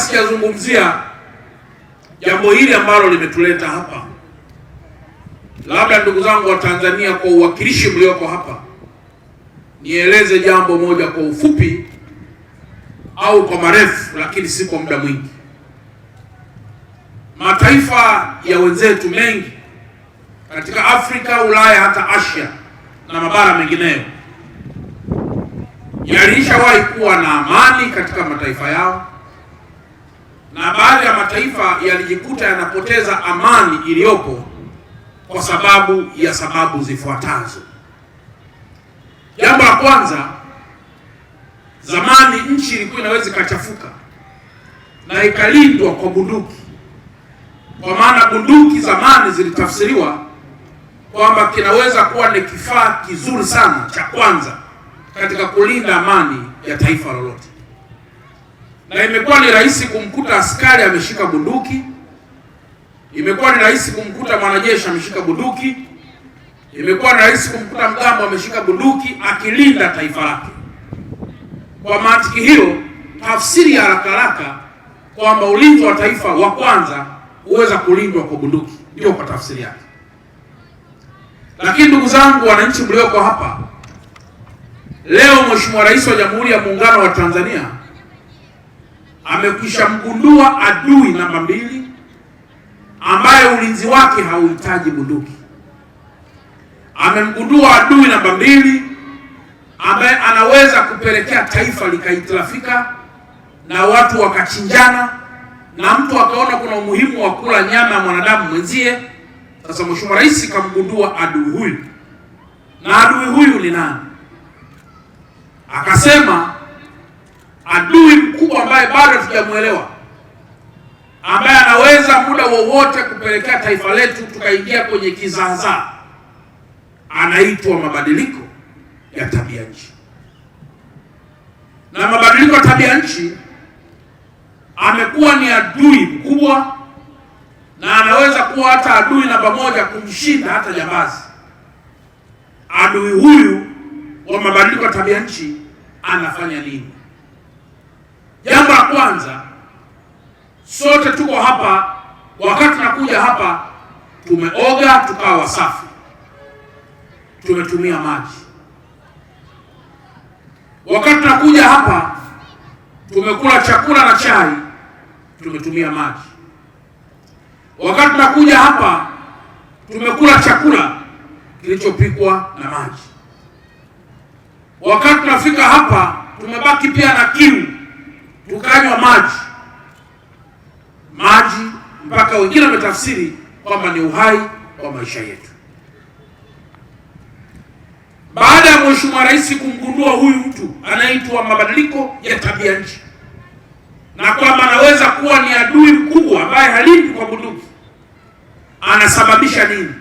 sijazungumzia jambo hili ambalo limetuleta hapa, labda ndugu zangu wa Tanzania, kwa uwakilishi mlioko hapa, nieleze jambo moja kwa ufupi au kwa marefu, lakini si kwa muda mwingi. Mataifa ya wenzetu mengi katika Afrika, Ulaya, hata Asia na mabara mengineyo yalishawahi kuwa na amani katika mataifa yao na baadhi ya mataifa yalijikuta yanapoteza amani iliyopo kwa sababu ya sababu zifuatazo. Jambo la kwanza, zamani nchi ilikuwa inaweza ikachafuka na ikalindwa kwa bunduki, kwa maana bunduki zamani zilitafsiriwa kwamba kinaweza kuwa ni kifaa kizuri sana cha kwanza katika kulinda amani ya taifa lolote na imekuwa ni rahisi kumkuta askari ameshika bunduki, imekuwa ni rahisi kumkuta mwanajeshi ameshika bunduki, imekuwa ni rahisi kumkuta mgambo ameshika bunduki akilinda taifa lake. Kwa mantiki hiyo, tafsiri ya haraka haraka kwamba ulinzi wa taifa wa kwanza huweza kulindwa kwa bunduki, ndio kwa tafsiri yake. Lakini ndugu zangu wananchi mlioko hapa leo, Mheshimiwa Rais wa Jamhuri ya Muungano wa Tanzania amekwisha mgundua adui namba mbili ambaye ulinzi wake hauhitaji bunduki. Amemgundua adui namba mbili ambaye anaweza kupelekea taifa likaitilafika na watu wakachinjana na mtu akaona kuna umuhimu wa kula nyama ya mwanadamu mwenzie. Sasa Mheshimiwa Rais kamgundua adui huyu, na adui huyu ni nani? Akasema adui mkubwa ambaye bado hatujamuelewa, ambaye anaweza muda wowote kupelekea taifa letu tukaingia kwenye kizaazaa, anaitwa mabadiliko ya tabia nchi. Na mabadiliko ya tabia nchi amekuwa ni adui mkubwa, na anaweza kuwa hata adui namba moja kumshinda hata jambazi. Adui huyu wa mabadiliko ya tabia nchi anafanya nini? Jambo la kwanza, sote tuko hapa, wakati tunakuja hapa tumeoga, tukawa wasafi, tumetumia maji. Wakati tunakuja hapa tumekula chakula na chai, tumetumia maji. Wakati nakuja hapa tumekula chakula kilichopikwa na maji. Wakati tunafika hapa tumebaki pia na kiu tukanywa maji maji, mpaka wengine wametafsiri kwamba ni uhai wa maisha yetu. Baada ya mheshimiwa rais kumgundua huyu mtu anaitwa mabadiliko ya tabia nchi na kwamba anaweza kuwa ni adui mkubwa ambaye halipi kwa bunduki, anasababisha nini?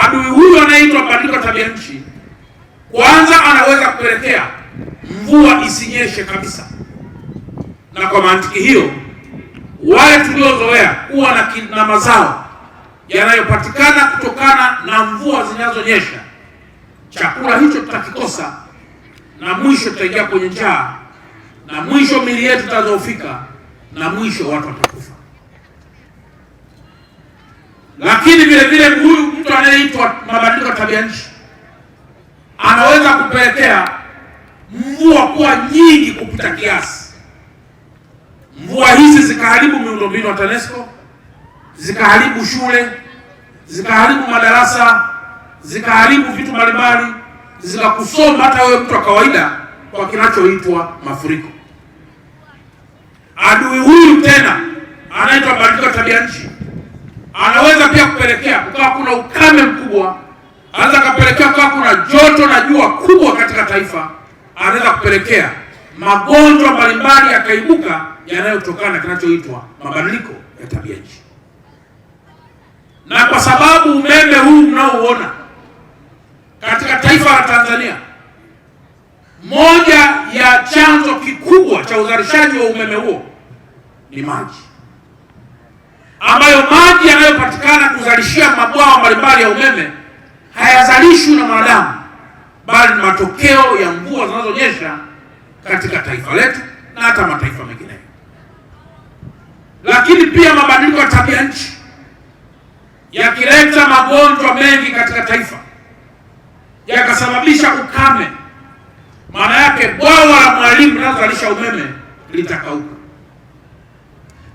Adui huyu anayeitwa mabadiliko ya tabia nchi, kwanza anaweza kupelekea mvua isinyeshe kabisa na kwa mantiki hiyo, wale tuliozoea kuwa na, na mazao yanayopatikana kutokana na mvua zinazonyesha, chakula hicho tutakikosa, na mwisho tutaingia kwenye njaa, na mwisho mili yetu itadhoofika, na mwisho watu watakufa. Lakini vile vile huyu mtu anayeitwa mabadiliko ya tabia nchi anaweza kupelekea mvua kuwa nyingi kupita kiasi Mvua hizi zikaharibu miundombinu ya TANESCO, zikaharibu shule, zikaharibu madarasa, zikaharibu vitu mbalimbali, zikakusoma hata wewe mtu wa kawaida kwa kinachoitwa mafuriko. Adui huyu tena anaitwa mabadiliko ya tabia nchi anaweza pia kupelekea kukawa kuna ukame mkubwa, anaweza akapelekea kukawa kuna joto na jua kubwa katika taifa, anaweza kupelekea magonjwa mbalimbali yakaibuka yanayotokana kinachoitwa mabadiliko ya tabia nchi. Na kwa sababu umeme huu mnaouona katika taifa la Tanzania, moja ya chanzo kikubwa cha uzalishaji wa umeme huo ni maji, ambayo maji yanayopatikana kuzalishia mabwawa mbalimbali ya umeme hayazalishwi na mwanadamu, bali ni matokeo ya mvua zinazonyesha katika taifa letu na hata mataifa mengine. nchi yakileta magonjwa mengi katika taifa, yakasababisha ukame, maana yake bwawa la Mwalimu linalozalisha umeme litakauka,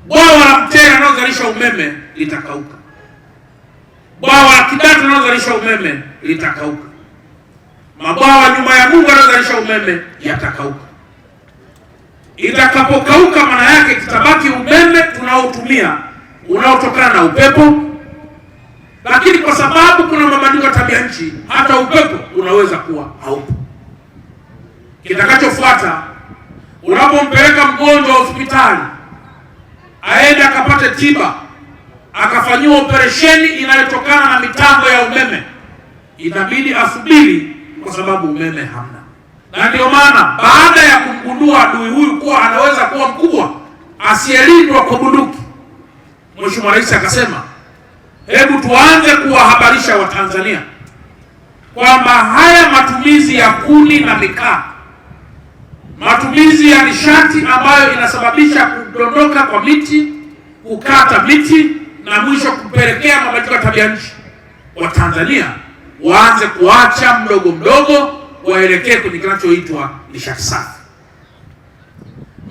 bwawa la Mtera linalozalisha umeme litakauka, bwawa la Kidatu linalozalisha umeme litakauka, mabwawa nyuma ya Mungu yanayozalisha umeme yatakauka. Itakapokauka, maana yake kitabaki umeme tunaotumia unaotokana na upepo, lakini kwa sababu kuna mabadiliko ya tabia nchi, hata upepo unaweza kuwa haupo. Kitakachofuata, unapompeleka mgonjwa hospitali aende akapate tiba akafanyiwa operesheni inayotokana na mitambo ya umeme, inabidi asubiri kwa sababu umeme hamna. Na ndio maana baada ya kumgundua adui huyu kuwa anaweza kuwa mkubwa, asiyelindwa kwa bunduki Mheshimiwa Rais akasema hebu tuanze kuwahabarisha Watanzania kwamba haya matumizi ya kuni na mikaa, matumizi ya nishati ambayo inasababisha kudondoka kwa miti, kukata miti na mwisho kupelekea mabadiliko ya tabia nchi, Watanzania waanze kuacha mdogo mdogo, waelekee kwenye kinachoitwa nishati safi.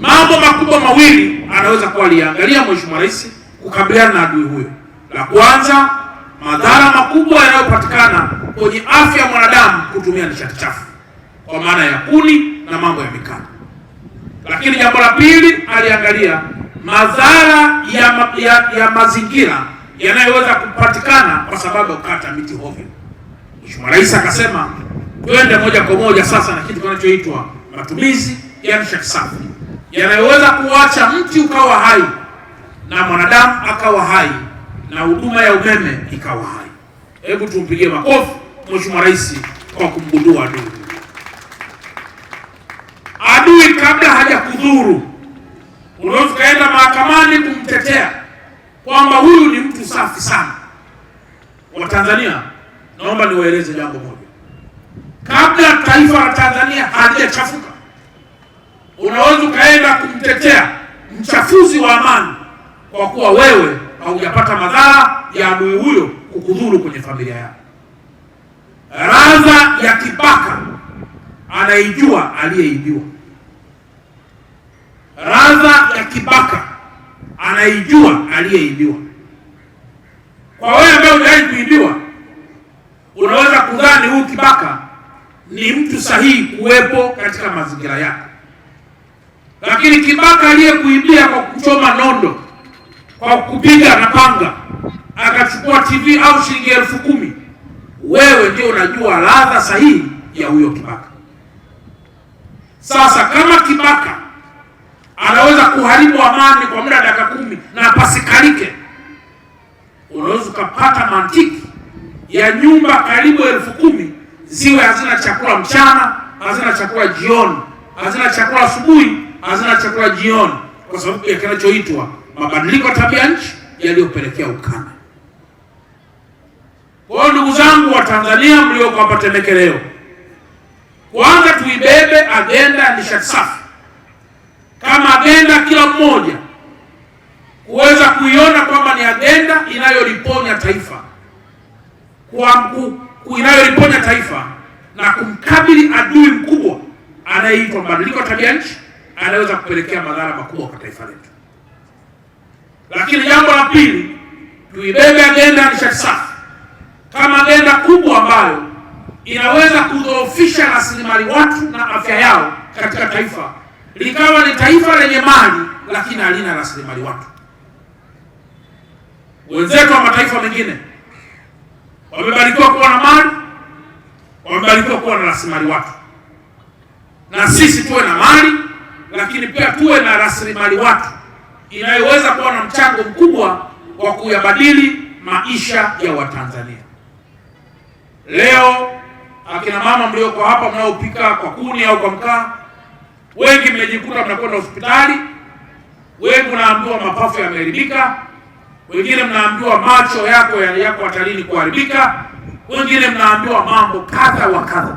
Mambo makubwa mawili anaweza kuwa aliangalia Mheshimiwa Rais kukabiliana na adui huyo. La kwanza, madhara makubwa yanayopatikana kwenye afya ya mwanadamu kutumia nishati chafu, kwa maana ya kuni na mambo ya mikaa. Lakini jambo la pili, aliangalia madhara ya, ma, ya, ya mazingira yanayoweza kupatikana kwa sababu ya kukata miti hovyo. Mheshimiwa Rais akasema twende moja kwa moja sasa na kitu kinachoitwa matumizi ya nishati safi yanayoweza kuacha mti ukawa hai na mwanadamu akawa hai na huduma ya umeme ikawa hai. Hebu tumpigie makofi Mheshimiwa Rais kwa kumgundua adui. Adui kabla hajakudhuru, unaweza ukaenda mahakamani kumtetea kwamba huyu ni mtu safi sana. Watanzania, naomba niwaeleze jambo moja, kabla taifa la Tanzania halijachafuka, unaweza ukaenda kumtetea mchafuzi wa amani kwa kuwa wewe haujapata madhara ya adui huyo kukudhuru kwenye familia yako. Radha ya kibaka anaijua aliyeibiwa. Radha ya kibaka anaijua aliyeibiwa. Kwa wewe ambaye hujawahi kuibiwa, unaweza kudhani huyu kibaka ni mtu sahihi kuwepo katika mazingira yako, lakini kibaka aliyekuibia kwa kuchoma nondo kwa kupiga na panga akachukua TV au shilingi elfu kumi, wewe ndio unajua ladha sahihi ya huyo kibaka. Sasa kama kibaka anaweza kuharibu amani kwa muda dakika kumi na pasikalike, unaweza ukapata mantiki ya nyumba karibu elfu kumi ziwe hazina chakula mchana, hazina chakula jioni, hazina chakula asubuhi, hazina chakula jioni, kwa sababu ya kinachoitwa mabadiliko ya tabia nchi yaliyopelekea ukame. Kwa hiyo ndugu zangu wa Tanzania mlioko hapa Temeke, kwanza tuibebe agenda ya nishati safi kama agenda kila mmoja kuweza kuiona kwamba ni agenda inayoliponya taifa kwa inayoliponya taifa na kumkabili adui mkubwa anayeitwa mabadiliko ya tabia nchi anayeweza kupelekea madhara makubwa kwa taifa letu. Lakini jambo la pili, tuibebe agenda ya nishati kama agenda kubwa ambayo inaweza kudhoofisha rasilimali watu na afya yao katika taifa, likawa ni taifa lenye mali lakini halina rasilimali watu. Wenzetu wa mataifa mengine wamebarikiwa kuwa na mali, wamebarikiwa kuwa na rasilimali watu, na sisi tuwe na mali lakini pia tuwe na rasilimali watu inayoweza kuwa na mchango mkubwa wa kuyabadili maisha ya Watanzania. Leo akina mama mlioko hapa mnaopika kwa kuni au kwa mkaa, wengi mmejikuta mnakwenda hospitali, wengi mnaambiwa mapafu yameharibika, wengine mnaambiwa macho yako yako hatarini kuharibika, wengine mnaambiwa mambo kadha wa kadha.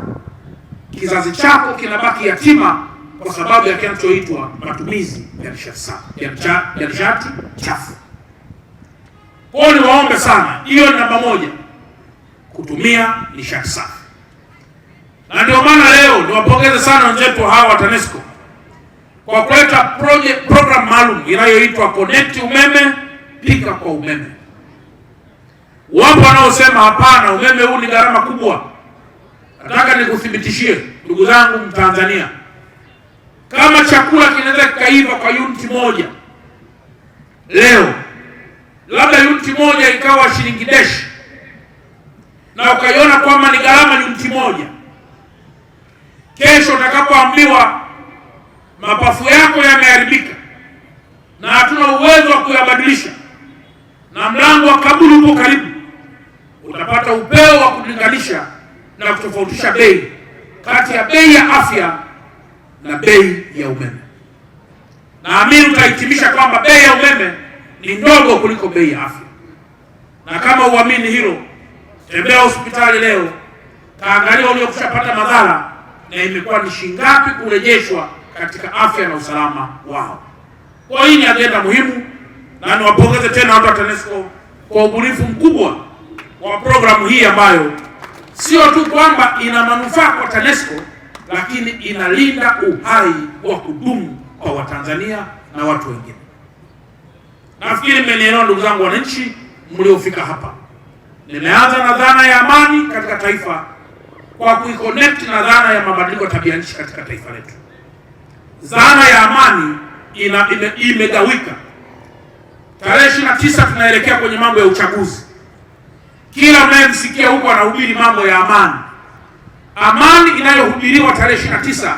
Kizazi chako kinabaki yatima kwa sababu ya kinachoitwa matumizi ya nishati chafu. Kwa hiyo niwaombe sana, hiyo ni namba moja, kutumia nishati safi, na ndio maana leo niwapongeze sana wenzetu hawa wa TANESCO kwa kuleta project program maalum inayoitwa Connect Umeme Pika kwa Umeme. Wapo wanaosema hapana, umeme huu ni gharama kubwa. Nataka nikuthibitishie ndugu zangu Mtanzania kama chakula kinaweza kikaiva kwa uniti moja leo, labda yuniti moja ikawa shilingi deshi, na ukaiona kwamba ni gharama yuniti moja, kesho utakapoambiwa mapafu yako yameharibika na hatuna uwezo wa kuyabadilisha na mlango wa kaburi upo karibu, utapata upeo wa kulinganisha na kutofautisha bei kati ya bei ya afya na bei ya umeme. Naamini utahitimisha kwamba bei ya umeme ni ndogo kuliko bei ya afya, na kama uamini hilo, tembea hospitali leo, kaangalia uliokushapata madhara na imekuwa ni shingapi kurejeshwa katika afya na usalama wao. Kwa hii ni agenda muhimu, na niwapongeze tena watu wa TANESCO kwa ubunifu mkubwa wa programu hii ambayo sio tu kwamba ina manufaa kwa TANESCO lakini inalinda uhai wa kudumu kwa Watanzania na watu wengine. Nafikiri mmenielewa ndugu zangu wananchi mliofika hapa. Nimeanza na dhana ya amani katika taifa kwa kuiconnect na dhana ya mabadiliko ya tabia nchi katika taifa letu. Dhana ya amani ina imegawika. Tarehe ishirini na tisa tunaelekea kwenye mambo ya uchaguzi. Kila mnayemsikia huko anahubiri mambo ya amani, Amani inayohubiriwa tarehe 29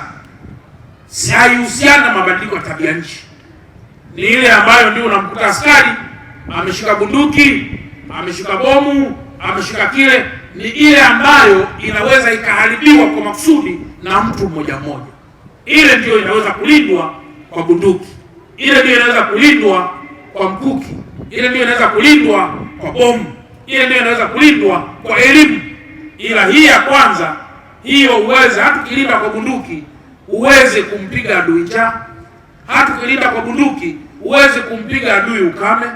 haihusiana na mabadiliko ya tabia nchi, ni ile ambayo ndio unamkuta askari ameshika bunduki, ameshika bomu, ameshika kile, ni ile ambayo inaweza ikaharibiwa kwa makusudi na mtu mmoja mmoja. Ile ndiyo inaweza kulindwa kwa bunduki, ile ndio inaweza kulindwa kwa mkuki, ile ndio inaweza kulindwa kwa bomu, ile ndio inaweza kulindwa kwa elimu, ila hii ya kwanza hiyo uweze hata ukilinda kwa bunduki uweze kumpiga adui njaa, hata ukilinda kwa bunduki uweze kumpiga adui ukame,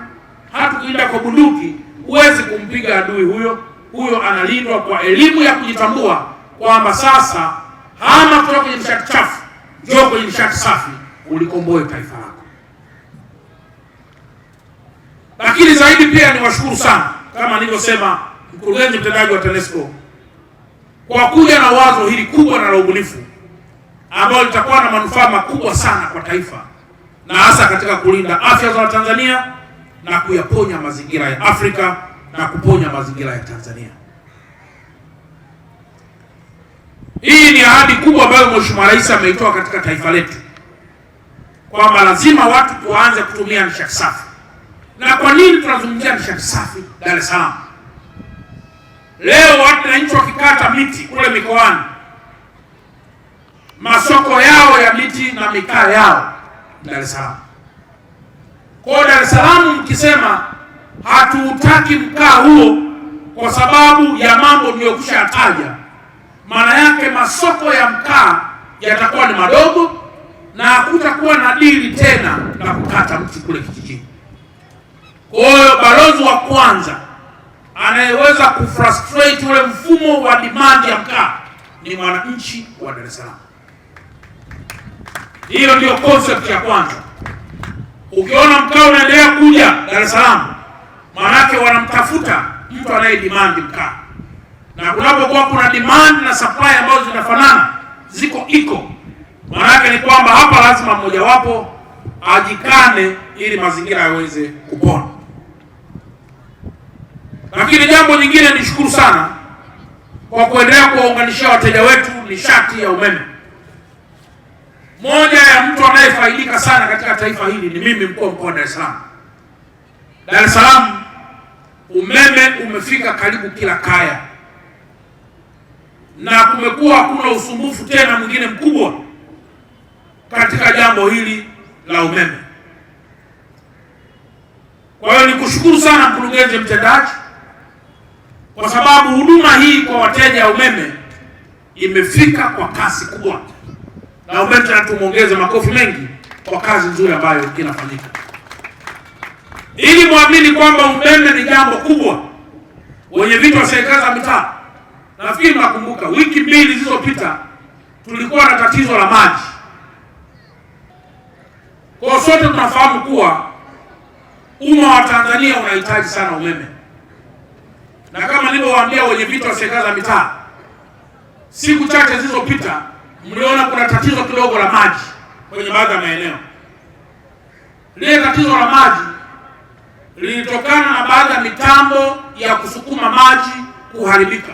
hata ukilinda kwa bunduki uweze kumpiga adui huyo huyo. Analindwa kwa elimu ya kujitambua kwamba sasa hama kutoka kwenye nishati chafu, njoo kwenye nishati safi, ulikomboe taifa lako. Lakini zaidi pia niwashukuru sana, kama nilivyosema, mkurugenzi mtendaji wa TANESCO kwa kuja na wazo hili kubwa na la ubunifu ambalo litakuwa na manufaa makubwa sana kwa taifa na hasa katika kulinda afya za Watanzania na kuyaponya mazingira ya Afrika na kuponya mazingira ya Tanzania. Hii ni ahadi kubwa ambayo Mheshimiwa Rais ameitoa katika taifa letu kwamba lazima watu tuanze kutumia nishati safi. Na kwa nini tunazungumzia nishati safi Dar es Salaam leo? wananchi wakikata miti kule mikoani, masoko yao ya miti na mikaa yao Dar es Salaam. Kwa Dar es Salaam mkisema hatuutaki mkaa huo kwa sababu ya mambo niliyokwisha yataja maana yake masoko ya mkaa yatakuwa ni madogo na hakutakuwa na dili tena na kukata mti kule kijijini. Kwa hiyo balozi wa kwanza anayeweza kufrustrate ule mfumo wa demand ya mkaa ni mwananchi wa Dar es Salaam. Hiyo ndiyo concept ya kwanza. Ukiona mkaa unaendelea kuja Dar es Salaam, maanake wanamtafuta mtu anaye demand mkaa, na kunapokuwa kuna demand na supply ambazo zinafanana ziko iko, maanake ni kwamba hapa lazima mmojawapo ajikane ili mazingira yaweze kupona. Lakini jambo nyingine nishukuru sana kwa kuendelea kuwaunganishia wateja wetu nishati ya umeme. Moja ya mtu anayefaidika sana katika taifa hili ni mimi, mkuu wa mkoa wa Dar es Salaam. Dar es Salaam umeme umefika karibu kila kaya, na kumekuwa hakuna usumbufu tena mwingine mkubwa katika jambo hili la umeme. Kwa hiyo nikushukuru sana mkurugenzi mtendaji kwa sababu huduma hii kwa wateja wa umeme imefika kwa kasi kubwa, na umeme tena tumwongeze makofi mengi kwa kazi nzuri ambayo inafanyika, ili muamini kwamba umeme ni jambo kubwa. Wenye viti wa serikali za mitaa, nafikiri mnakumbuka, wiki mbili zilizopita tulikuwa na tatizo la maji. Kwa sote tunafahamu kuwa umma wa Tanzania unahitaji sana umeme na kama nilivyowaambia wenye viti wa serikali za mitaa siku chache zilizopita, mliona kuna tatizo kidogo la maji kwenye baadhi ya maeneo. Lile tatizo la maji lilitokana na baadhi ya mitambo ya kusukuma maji kuharibika.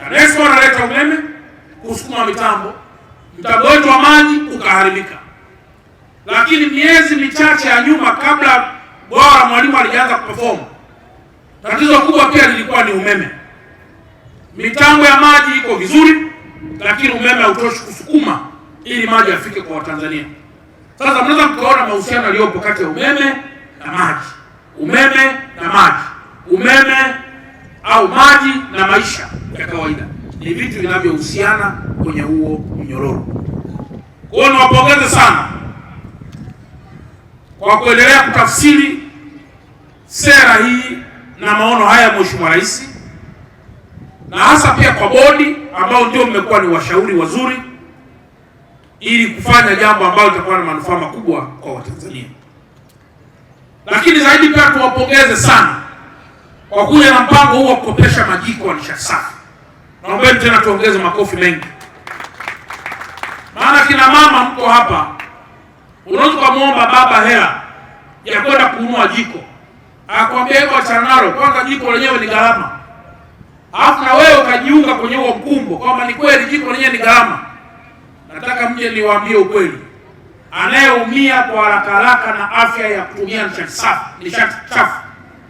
TANESCO analeta umeme kusukuma mitambo, mtambo wetu wa maji ukaharibika. Lakini miezi michache ya nyuma, kabla bwawa la Mwalimu alijaanza kuperform Tatizo kubwa pia lilikuwa ni umeme. Mitambo ya maji iko vizuri, lakini umeme hautoshi kusukuma ili maji yafike kwa Watanzania. Sasa mnaweza mkaona mahusiano yaliyopo kati ya umeme na maji, umeme na maji, umeme au maji na maisha ya kawaida, ni vitu vinavyohusiana kwenye huo mnyororo. Kwa hiyo niwapongeze sana kwa kuendelea kutafsiri sera hii na maono haya Mheshimiwa Rais, na hasa pia kwa bodi ambao ndio mmekuwa ni washauri wazuri ili kufanya jambo ambalo litakuwa na manufaa makubwa kwa Watanzania. Lakini zaidi pia tuwapongeze sana kwa kuja na mpango huu wa kukopesha majiko ya nishati safi. Naombeni tena tuongeze makofi mengi, maana kina mama mko hapa, unaweza ukamwomba baba hela ya kwenda kununua jiko akwambia hivyo achana nalo kwanza, jiko lenyewe ni gharama, alafu na wewe ukajiunga kwenye huo mkumbo kwamba ni kweli jiko lenyewe ni gharama. Nataka mje niwaambie ukweli, anayeumia kwa haraka haraka na afya ya kutumia nishati safi, nishati chafu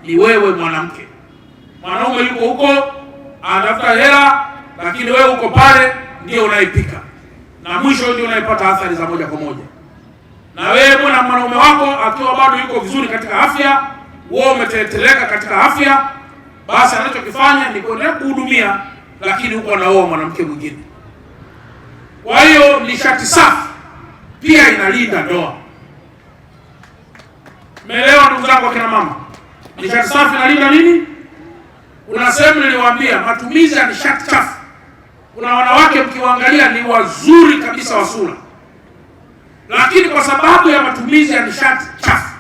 ni wewe mwanamke. Mwanaume yuko huko anatafuta hela, lakini wewe uko pale ndio unaipika, na mwisho ndio unaipata athari za moja kwa moja. Na wewe mwana mwanaume wako akiwa bado yuko vizuri katika afya wao umeteteleka katika afya, basi anachokifanya ni kuendelea kuhudumia, lakini huko anaoa mwanamke mwingine. Kwa hiyo nishati safi pia inalinda ndoa. Mmeelewa ndugu zangu akina mama? Nishati safi inalinda nini? Kuna sehemu niliwaambia matumizi ya nishati chafu. Kuna wanawake mkiwaangalia ni wazuri kabisa wa sura, lakini kwa sababu ya matumizi ya nishati chafu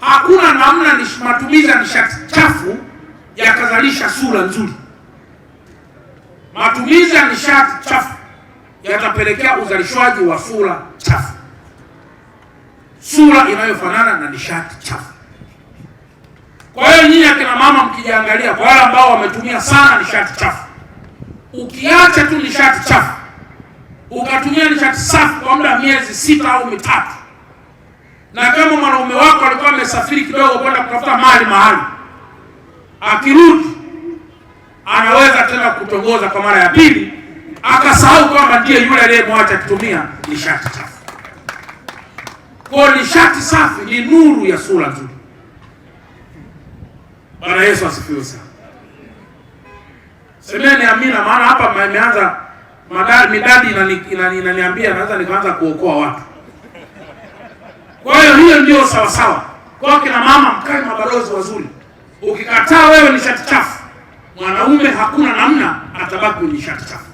hakuna namna ni matumizi ya nishati chafu yakazalisha sura nzuri. Matumizi ya nishati chafu yatapelekea uzalishwaji wa sura chafu, sura inayofanana na nishati chafu. Kwa hiyo nyinyi akina mama mkijiangalia, kwa wale ambao wametumia sana nishati chafu, ukiacha tu nishati chafu ukatumia nishati safi kwa muda miezi sita au mitatu na kama mwanaume wako alikuwa amesafiri kidogo kwenda kutafuta mali mahali, akirudi anaweza tena kutongoza kwa mara ya pili, akasahau kwamba ndiye yule aliyemwacha akitumia nishati chafu. Kwa nishati safi ni nuru ya sura tu. Bwana Yesu asifiwe sana. Semeni amina, maana hapa imeanza midadi inaniambia inani, inani naweza nikaanza kuokoa watu kwa hiyo hiyo ndio sawasawa. Kwa kina mama, mkae mabalozi wazuri. Ukikataa wewe ni shati chafu, mwanaume hakuna namna, atabaki ni shati chafu.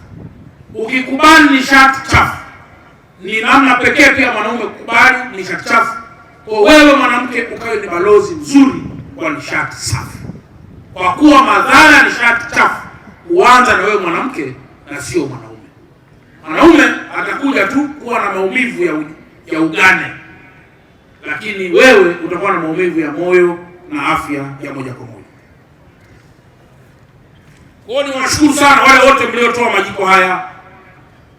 Ukikubali ni shati chafu, ni namna pekee pia mwanaume kukubali ni shati chafu. Kwa wewe mwanamke, ukawe ni balozi mzuri kwa nishati safi, kwa kuwa madhara ni nishati chafu huanza na wewe mwanamke na sio mwanaume. Mwanaume atakuja tu kuwa na maumivu ya, ya ugane lakini wewe utakuwa na maumivu ya moyo na afya ya moja kwa moja. Kwa hiyo niwashukuru sana wale wote mliotoa majiko haya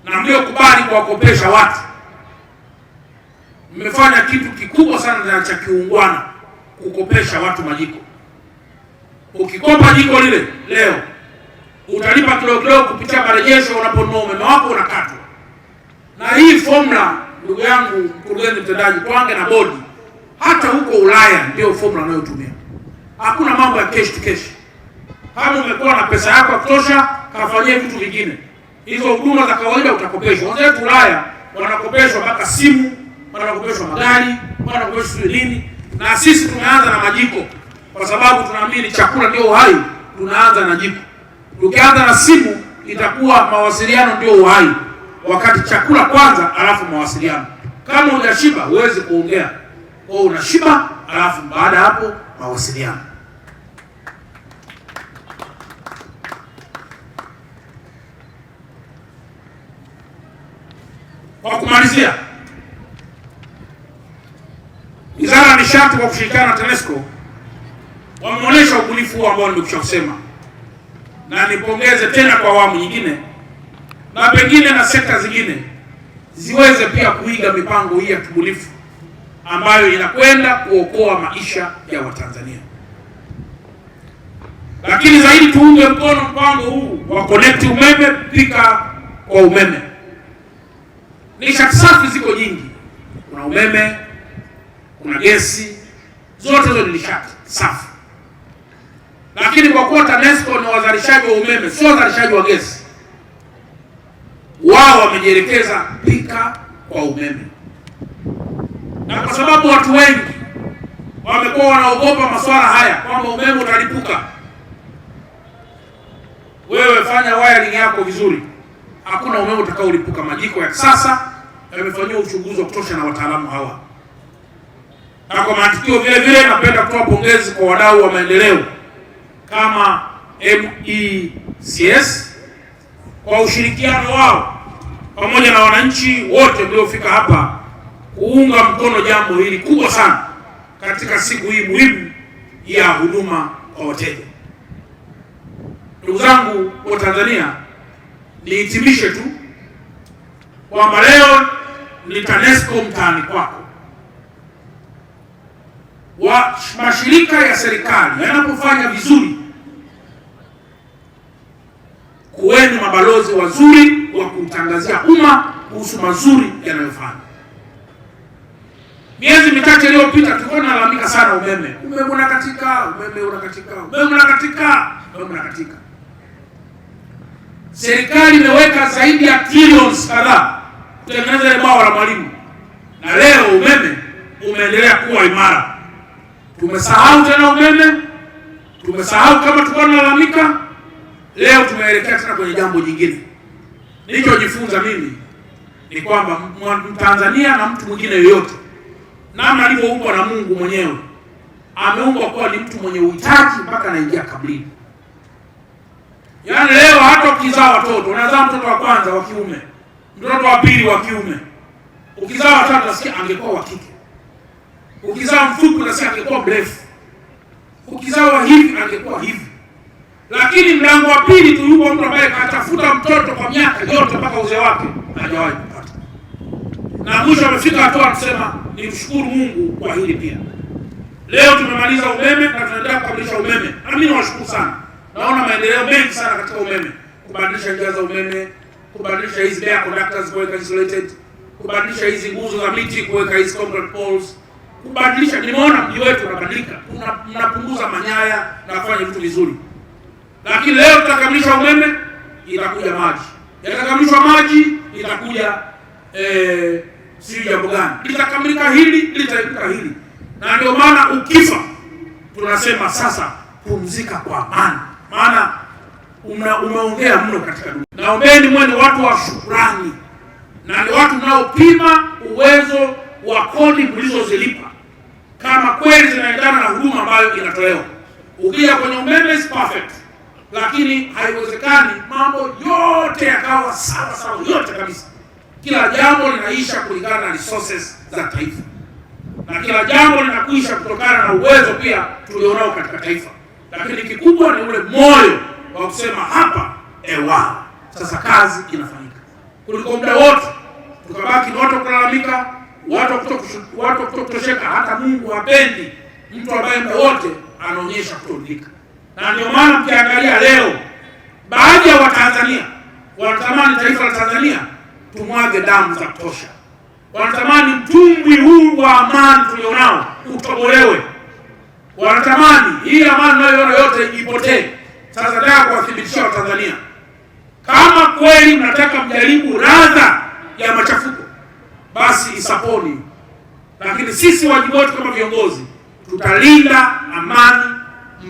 na mliokubali kuwakopesha watu. Mmefanya kitu kikubwa sana na cha kiungwana, kukopesha watu majiko. Ukikopa jiko lile leo utalipa kidogo kidogo kupitia marejesho, unaponunua umeme wako unakatwa. Na hii formula ndugu yangu mkurugenzi mtendaji, twange na bodi. Hata huko Ulaya ndio formula anayotumia, hakuna mambo ya cash to cash. Kama umekuwa na pesa yako ya kutosha, kafanyia vitu vingine. Hizo huduma za kawaida utakopeshwa. Wenzetu Ulaya wanakopeshwa mpaka simu, wanakopeshwa magari, wanakopeshwa sijui nini, na sisi tumeanza na majiko kwa sababu tunaamini chakula ndio uhai. Tunaanza na jiko, tukianza na simu itakuwa mawasiliano ndio uhai wakati chakula kwanza, alafu mawasiliano. Kama hujashiba huwezi kuongea, kwa unashiba, alafu baada ya hapo mawasiliano. Kwa kumalizia, Wizara ya Nishati kwa kushirikiana na TANESCO wameonyesha ubunifu huu ambao nimekusha kusema, na nipongeze tena kwa awamu nyingine na pengine na sekta zingine ziweze pia kuiga mipango hii ya kibunifu ambayo inakwenda kuokoa maisha ya Watanzania. Lakini zaidi tuunge mkono mpango huu wa connect umeme pika kwa umeme. Nishati safi ziko nyingi, kuna umeme, kuna gesi, zote hizo ni nishati safi, lakini kwa kuwa TANESCO ni wazalishaji wa umeme, sio wazalishaji wa gesi wao wamejielekeza pika kwa umeme, na kwa sababu watu wengi wamekuwa wanaogopa masuala haya kwamba umeme utalipuka. Wewe fanya wiring yako vizuri, hakuna umeme utakaolipuka. Majiko ya kisasa yamefanyiwa uchunguzi wa kutosha na wataalamu hawa, na kwa matukio vile vile, napenda kutoa pongezi kwa wadau wa maendeleo kama MECS kwa ushirikiano wao pamoja na wananchi wote mliofika hapa kuunga mkono jambo hili kubwa sana katika siku hii muhimu ya huduma kwa wateja. Ndugu zangu wa Tanzania, nihitimishe tu kwamba leo ni TANESCO mtaani kwako. Mashirika ya serikali yanapofanya vizuri kuweni mabalozi wazuri wa kutangazia umma kuhusu mazuri yanayofanya. Miezi michache iliyopita tulikuwa tunalalamika sana umeme, umeme unakatika, umeme unakatika, umeme unakatika, umeme unakatika. Serikali imeweka zaidi ya trilioni kadhaa kutengeneza ile bwawa la Mwalimu na leo umeme umeendelea kuwa imara. Tumesahau tena umeme, tumesahau kama tulikuwa tunalalamika Leo tumeelekea tena kwenye jambo jingine. Nilichojifunza mimi ni kwamba Mtanzania na mtu mwingine yoyote, namna alivyoumbwa na Mungu mwenyewe, ameumbwa kuwa ni mtu mwenye uhitaji mpaka anaingia kabrini. Yaani leo hata ukizaa watoto, unazaa mtoto wa kwanza wa kiume, mtoto wa pili wa kiume, ukizaa watatu nasikia angekuwa wa kike, ukizaa mfupi nasikia angekuwa mrefu, ukizaa hivi angekuwa hivi lakini mlango wa pili tu, yupo mtu ambaye katafuta mtoto kwa miaka yote mpaka uzee wake hajawahi kupata, na mwisho amefika hatua ni mshukuru Mungu kwa hili pia. Leo tumemaliza umeme na tunaendelea kukamilisha umeme, na mimi nawashukuru sana. Naona maendeleo mengi sana katika umeme, kubadilisha njia za umeme, kubadilisha hizi bare conductors kuweka insulated, kubadilisha hizi nguzo za miti kuweka hizi concrete poles, kubadilisha. Nimeona mji wetu unabadilika, mnapunguza manyaya na kufanya vitu vizuri lakini leo tutakamilisha umeme, itakuja maji, yatakamilishwa maji, itakuja eh, sijui jambo gani litakamilika hili, litakamilika hili. Na ndio maana ukifa tunasema sasa pumzika kwa amani, maana umeongea mno katika dunia. Naombeni mwe ni watu wa shukrani na ni watu mnaopima uwezo wa kodi mlizozilipa kama kweli zinaendana na huduma ambayo inatolewa. Ukija kwenye umeme is perfect lakini haiwezekani mambo yote yakawa sawa sawa, yote kabisa. Kila jambo linaisha kulingana na resources za taifa, na kila jambo linakuisha kutokana na uwezo pia tulionao katika taifa, lakini kikubwa ni ule moyo wa kusema hapa ewa, sasa kazi inafanyika, kuliko muda wote tukabaki ni watu kulalamika, watu kutokutosheka. Hata Mungu hapendi mtu ambaye muda wote anaonyesha kutoridhika na ndio maana mkiangalia leo baadhi ya Watanzania wanatamani taifa la Tanzania tumwage damu za kutosha, wanatamani mtumbwi huu wa amani tulionao utobolewe, wanatamani hii amani unayoiona yote ipotee. Sasa nataka kuwathibitishia Watanzania, kama kweli mnataka mjaribu radha ya machafuko, basi Isaponi, lakini sisi wajibu wetu kama viongozi tutalinda amani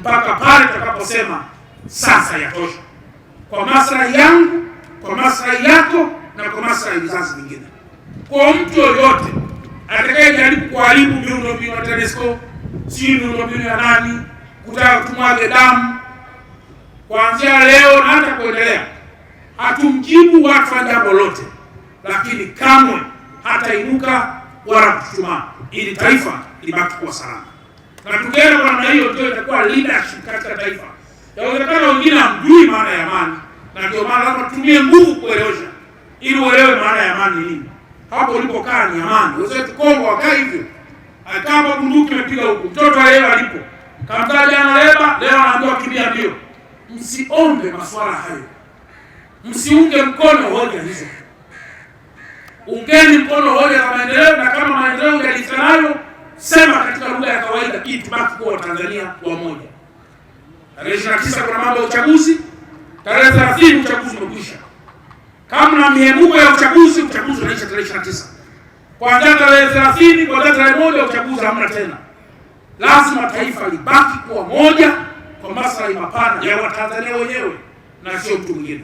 mpaka pale utakaposema sasa yatosha, kwa maslahi yangu, kwa maslahi yako na kwa maslahi vizazi vingine. Kwa mtu yoyote atakayejaribu kuharibu miundombinu ya TANESCO, si miundombinu ya nani, kutaka tumwage damu, kuanzia leo na hata kuendelea, hatumjibu watu jambo lote, lakini kamwe hatainuka wala kuchuchumaa, ili taifa libaki kuwa salama na tukienda kwa namna hiyo, ndio itakuwa leadership katika taifa. Yawezekana wengine hamjui maana ya amani, na ndio maana lazima tutumie nguvu kuelewesha, ili uelewe maana ya amani nini. Hapo ulipokaa ni amani. Wenzetu Kongo wakaa hivyo, akamba bunduki imepiga huku, mtoto wa aelewa alipo, kamtaa jana leba, leo anaambiwa kimbia mbio. Msiombe masuala hayo, msiunge mkono hoja hizo. Ungeni mkono hoja za maendeleo, na kama maendeleo yalitanayo sema katika lugha ya kawaida kitu ili kwa Tanzania Watanzania moja. Tarehe 29 kuna mambo ya uchaguzi, tarehe 30 uchaguzi umekwisha. Kama na mihemko ya uchaguzi, uchaguzi unaisha tarehe 29. na tisa kuanzia tarehe thelathini kuanzia tarehe moja uchaguzi hamna tena. Lazima taifa libaki kuwa moja kwa maslahi mapana ya Watanzania wenyewe na sio mtu mwingine.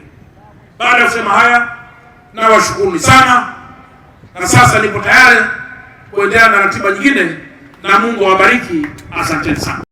Baada ya kusema haya, nawashukuruni sana, na sasa nipo tayari kuendelea na ratiba nyingine. na Mungu awabariki. Asanteni sana.